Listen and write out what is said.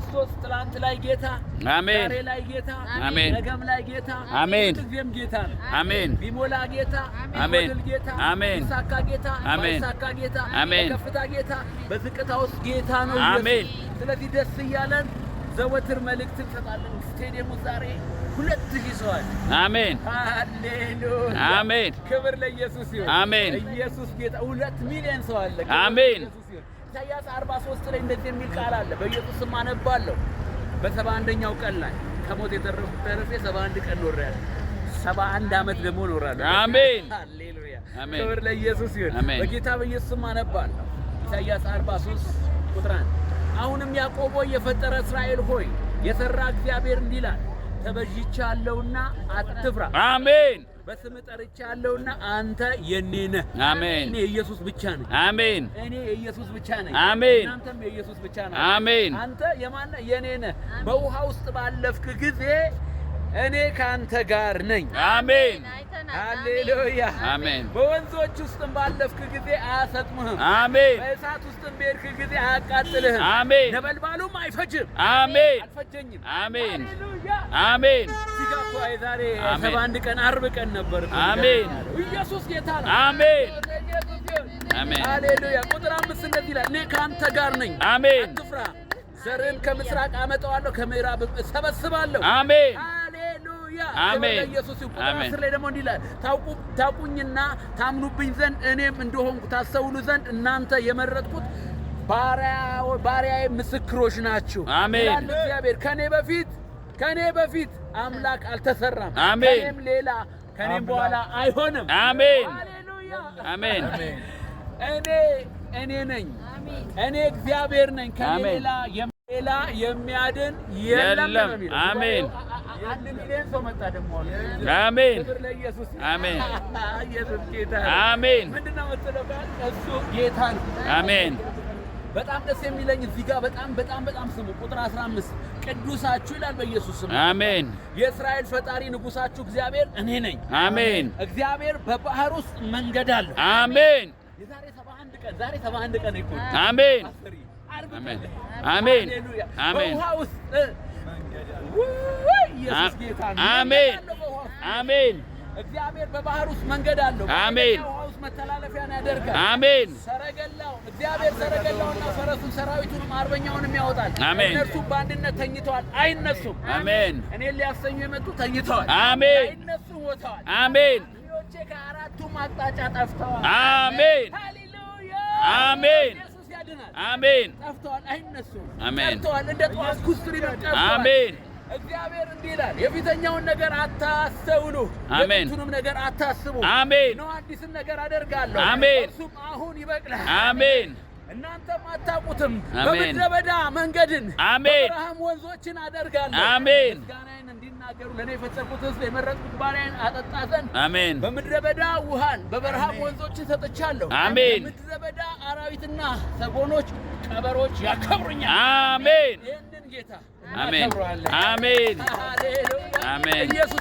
ክርስቶስ ትላንት ላይ ጌታ፣ አሜን። ዛሬ ላይ ጌታ፣ አሜን። ነገም ላይ ጌታ፣ አሜን። ጊዜም ጌታ ነው። አሜን። ቢሞላ ጌታ፣ አሜን። ጌታ፣ አሜን። ሳካ ጌታ፣ አሜን። ሳካ ጌታ፣ አሜን። ከፍታ ጌታ፣ በዝቅታ ውስጥ ጌታ ነው። አሜን። ስለዚህ ደስ እያለን ዘወትር መልእክት እንሰጣለን። ስቴዲየሙ ዛሬ ሁለት ሺህ ሰው አሜን ሃሌሉያ፣ አሜን። ክብር ለኢየሱስ ይሁን። አሜን። ኢየሱስ ጌታ። ሁለት ሚሊዮን ሰው አለ። አሜን ኢሳያስ 43 ላይ እንደዚህ የሚል ቃል አለ። በኢየሱስ ስም አነባለሁ። በሰባ አንደኛው ቀን ላይ ከሞት የተረፈ ሰባ 71 ቀን ኖሬያለሁ። 71 አንድ ዓመት ደግሞ ኖራለሁ። አሜን፣ ሃሌሉያ፣ አሜን። ክብር ለኢየሱስ ይሁን። በጌታ በኢየሱስ ስም አነባለሁ። ኢሳያስ 43 ቁጥር 1 አሁንም ያዕቆብ የፈጠረ እስራኤል ሆይ የሰራ እግዚአብሔር እንዲላል ይላል አትፍራ። አሜን በስም ጠርቻ ያለውና አንተ የኔ ነህ። አሜን። እኔ ኢየሱስ ብቻ ነኝ። አሜን። እኔ ኢየሱስ ብቻ ነኝ። አሜን። አንተም የኢየሱስ ብቻ ነህ። አሜን። አንተ የማን የኔ ነህ። በውሃ ውስጥ ባለፍክ ጊዜ እኔ ከአንተ ጋር ነኝ። አሜን ሃሌሉያ አሜን። በወንዞች ውስጥም ባለፍክ ጊዜ አያሰጥምህም። አሜን። በእሳት ውስጥም በሄድክ ጊዜ አያቃጥልህም። አሜን። ነበልባሉም አይፈጅም። አሜን። አልፈጀኝም። አሜን አሜን። ሲጋቱ የዛሬ ሰባ አንድ ቀን አርብ ቀን ነበር። አሜን። ኢየሱስ ጌታ ነው። አሜን አሜን። ሃሌሉያ ቁጥር አምስት እንደዚህ ይላል፣ እኔ ከአንተ ጋር ነኝ። አሜን። አትፍራ፣ ዘርህን ከምስራቅ አመጣዋለሁ፣ ከምዕራብም እሰበስባለሁ። አሜን ሃሌሉያ አሜን። ኢየሱስ ይሁን። አስር ላይ ደግሞ እንዲህ ይላል ታውቁኝና ታምኑብኝ ዘንድ እኔም እንደሆንኩ ታስተውሉ ዘንድ እናንተ የመረጥኩት ባሪያዬ ምስክሮች ናችሁ። አሜን። እግዚአብሔር ከኔ በፊት ከኔ በፊት አምላክ አልተሰራም። አሜን። ከኔም ሌላ ከኔም በኋላ አይሆንም። አሜን። ሃሌሉያ አሜን። እኔ እኔ ነኝ። እኔ እግዚአብሔር ነኝ። ከኔ ሌላ የሚያድን የለም። አሜን ሰው አሜን አሜን አሜን። እሱ ጌታ ነው። አሜን። በጣም ደስ የሚለኝ እዚህ ጋር በጣም በጣም በጣም ስሙ፣ ቁጥር 15 ቅዱሳችሁ ይላል በኢየሱስ ስም አሜን። የእስራኤል ፈጣሪ ንጉሳችሁ እግዚአብሔር እኔ ነኝ። አሜን። እግዚአብሔር በባህር ውስጥ መንገድ አለ። አሜን። የዛሬ 71 ቀን ዛሬ 71 ቀን ይቆይ። አሜን አሜን አሜን። በውሃ ውስጥ አሜን አሜን። እግዚአብሔር በባህር ውስጥ መንገድ አለው። አሜን። መተላለፊያን ያደርጋል። አሜን። ሰረገላው እግዚአብሔር ሰረገላውና ፈረሱን ሰራዊቱንም አርበኛውንም ያወጣል። አሜን። እነርሱ በአንድነት ተኝተዋል፣ አይነሱም። አሜን። እኔ ሊያሰኙ የመጡ ተኝተዋል፣ አሜን። አይነሱ ወጥተዋል፣ አሜን። ልጆቼ ከአራቱም አቅጣጫ ጠፍተዋል፣ አሜን። ሃሌሉያ፣ አሜን። ኢየሱስ ያድናል፣ አሜን። ጠፍተዋል፣ አይነሱም፣ ጠፍተዋል፣ እንደ ጠዋት ኩስትሪ ነው። አሜን እግዚአብሔር እንዲህ ይላል፣ የፊተኛውን ነገር አታስተውሉ፣ የፊቱንም ነገር አታስቡ። አሜን ነው። አዲስን ነገር አደርጋለሁ፣ አሜን፣ እርሱም አሁን ይበቅላል። አሜን እናንተም አታውቁትም። በምድረ በዳ መንገድን፣ አሜን፣ ወንዞችን አደርጋለሁ። አሜን ምስጋናዬን እንዲናገሩ ለእኔ የፈጸምኩት ሕዝብ የመረጥኩት ባሪያዬን አጠጣ ዘንድ፣ አሜን። በምድረ በዳ ውሃን፣ በበረሃም ወንዞችን ሰጥቻለሁ። አሜን። በምድረ በዳ አራዊትና ሰጎኖች፣ ቀበሮች ያከብሩኛል። አሜን ጌታ አሜን አሜን አሜን